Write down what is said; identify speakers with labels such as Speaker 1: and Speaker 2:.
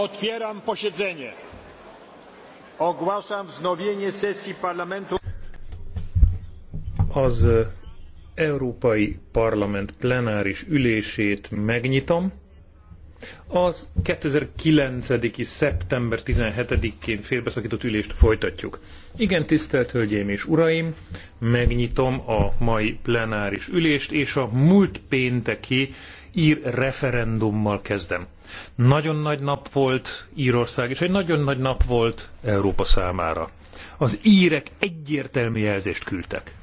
Speaker 1: Otwieram posiedzenie. Ogłaszam wznowienie sesji parlamentu.
Speaker 2: Az e,
Speaker 3: Európai Parlament plenáris ülését megnyitom. Az 2009. szeptember 17-én félbeszakított ülést folytatjuk. Igen, tisztelt Hölgyeim és Uraim, megnyitom a mai plenáris ülést és a múlt pénteki ír referendummal kezdem. Nagyon nagy nap volt Írország, és egy nagyon nagy nap volt Európa számára. Az írek egyértelmű jelzést küldtek.